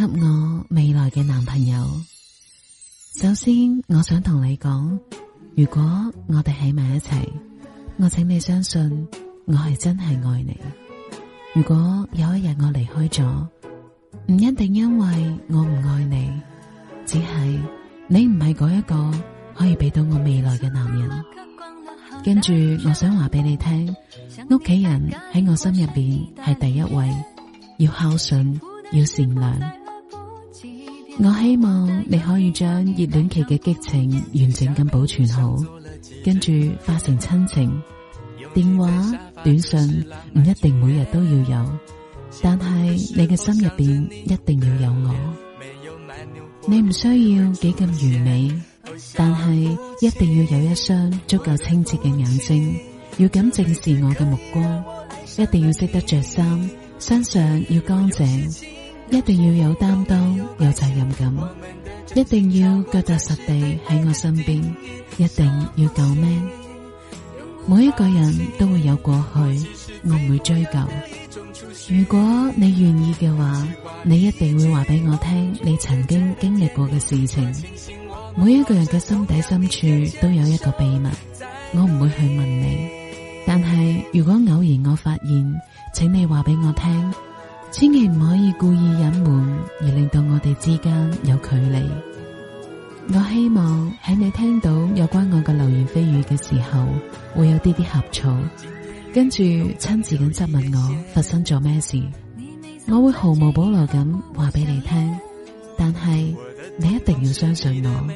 給我未來嘅男朋友。首先，我想同你講，如果我哋喺埋一齊，我請你相信，我係真係愛你。如果有一日我離開咗，唔一定因為我唔愛你，只係你唔係嗰一個可以俾到我未來嘅男人。跟住，我想話俾你聽，屋企人喺我心入邊係第一位，要孝順，要善良。我希望你可以將熱戀期嘅激情完整咁保存好，跟住化成親情。電話、短信唔一定每日都要有，但係你嘅心入邊一定要有我。你唔需要幾咁完美，但係一定要有一雙足夠清澈嘅眼睛，要咁正視我嘅目光。一定要識得着衫，身上要乾淨。一定要有擔當、有責任感，一定要腳踏實地喺我身邊，一定要夠 man。每一個人都會有過去，我唔會追究。如果你願意嘅話，你一定會話俾我聽你曾經經歷過嘅事情。每一個人嘅心底深處都有一個秘密，我唔會去問你。但係如果偶然我發現，請你話俾我聽。千祈唔可以故意隱瞞，而令到我哋之間有距離。我希望喺你聽到有關我嘅流言蜚語嘅時候，會有啲啲呷醋，跟住親自咁質問我發生咗咩事。我會毫無保留咁話俾你聽，但係你一定要相信我。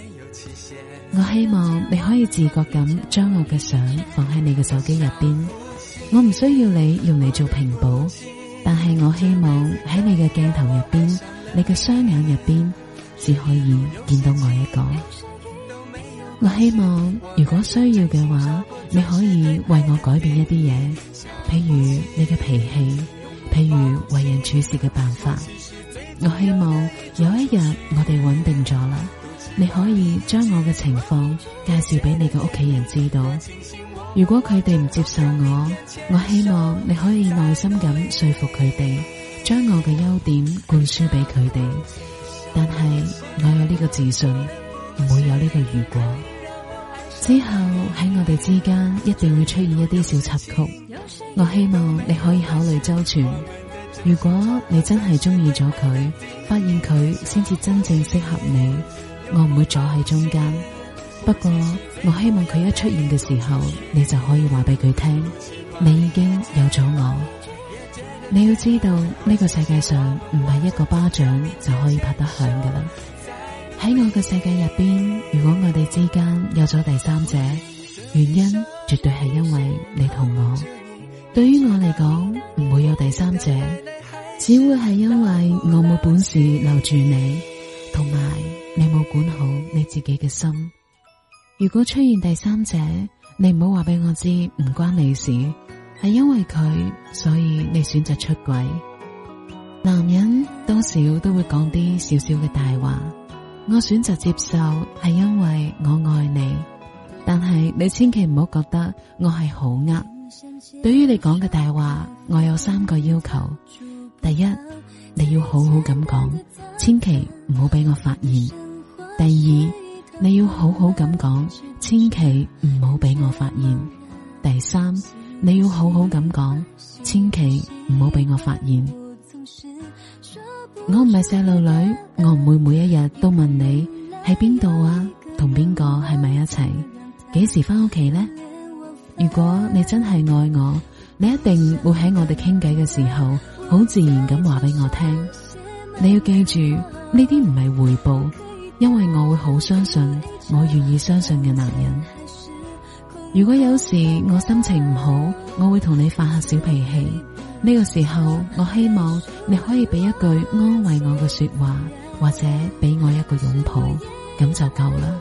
我希望你可以自覺咁將我嘅相放喺你嘅手機入邊，我唔需要你用嚟做屏保。我希望喺你嘅鏡頭入邊，你嘅雙眼入邊，只可以見到我一個。我希望如果需要嘅話，你可以為我改變一啲嘢，譬如，你嘅脾氣，譬如，為人處事嘅辦法。我希望有一日我哋穩定咗啦，你可以將我嘅情況介紹俾你嘅屋企人知道。如果佢哋唔接受我，我希望你可以耐心咁說服佢哋，將我嘅優點灌輸俾佢哋。但係我有呢個自信，唔會有呢個如果。之後喺我哋之間一定會出現一啲小插曲，我希望你可以考慮周全。如果你真係鍾意咗佢，發現佢先至真正適合你，我唔會阻喺中間。不過我希望佢一出現嘅時候，你就可以話俾佢聽，你已經有咗我。你要知道呢個世界上唔係一個巴掌就可以拍得響嘅啦。喺我嘅世界入邊，如果我哋之間有咗第三者，原因絕對係因為你同我。對於我嚟講，唔會有第三者，只會係因為我冇本事留住你，同埋你冇管好你自己嘅心。如果出現第三者，你唔好話俾我知，唔關你事，係因為佢，所以你選擇出軌。男人多少都會講啲少少嘅大話，我選擇接受係因為我愛你，但係你千祈唔好覺得我係好呃。對於你講嘅大話，我有三個要求：第一，你要好好咁講，千祈唔好俾我發現；第二。你要好好咁講，千祈唔好俾我發現。第三，你要好好咁講，千祈唔好俾我發現。我唔係細路女，我唔會每一日都問你喺邊度啊，同邊個喺埋一齊，幾時翻屋企呢？如果你真係愛我，你一定會喺我哋傾偈嘅時候，好自然咁話俾我聽。你要記住，呢啲唔係回報。因為我會好相信我願意相信嘅男人。如果有時我心情唔好，我會同你發下小脾氣。呢個時候，我希望你可以俾一句安慰我嘅說話，或者俾我一個擁抱，咁就夠啦。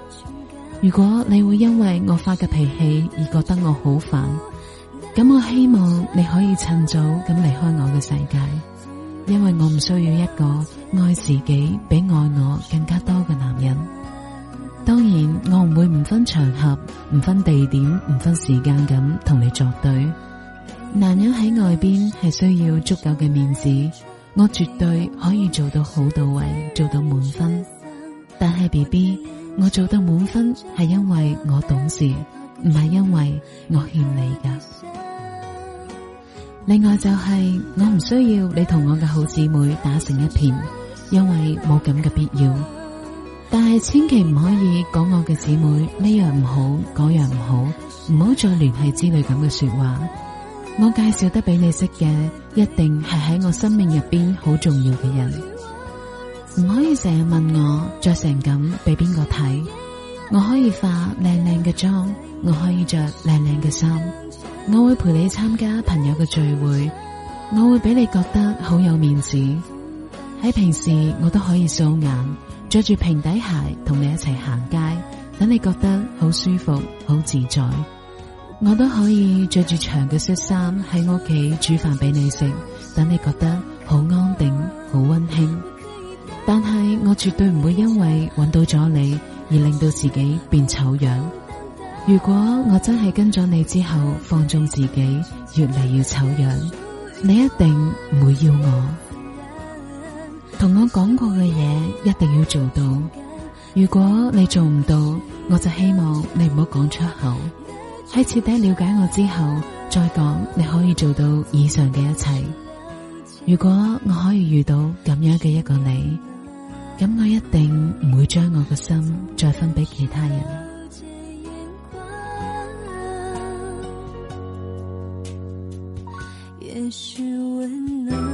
如果你會因為我發嘅脾氣而覺得我好煩，咁我希望你可以趁早咁離開我嘅世界，因為我唔需要一個愛自己比愛我更加多。當然，我唔會唔分場合、唔分地點、唔分時間咁同你作對。男人喺外邊係需要足夠嘅面子，我絕對可以做到好到位，做到滿分。但係 BB，我做到滿分係因為我懂事，唔係因為我欠你㗎。另外就係我唔需要你同我嘅好姊妹打成一片，因為冇咁嘅必要。但係千祈唔可以講我嘅姊妹呢樣唔好，嗰樣唔好，唔好再聯繫之類咁嘅說話。我介紹得俾你識嘅，一定係喺我生命入邊好重要嘅人。唔可以成日問我着成咁俾邊個睇？我可以化靚靚嘅妝，我可以着靚靚嘅衫，我會陪你參加朋友嘅聚會，我會俾你覺得好有面子。喺平時我都可以素顏。着住平底鞋同你一齊行街，等你覺得好舒服、好自在，我都可以着住長嘅恤衫喺屋企煮飯俾你食，等你覺得好安定、好溫馨。但係我絕對唔會因為揾到咗你而令到自己變醜樣。如果我真係跟咗你之後放縱自己越嚟越醜樣，你一定唔會要我。同我講過嘅嘢一定要做到，如果你做唔到，我就希望你唔好講出口。喺徹底了解我之後再講，你可以做到以上嘅一切。如果我可以遇到咁樣嘅一個你，咁我一定唔會將我嘅心再分俾其他人。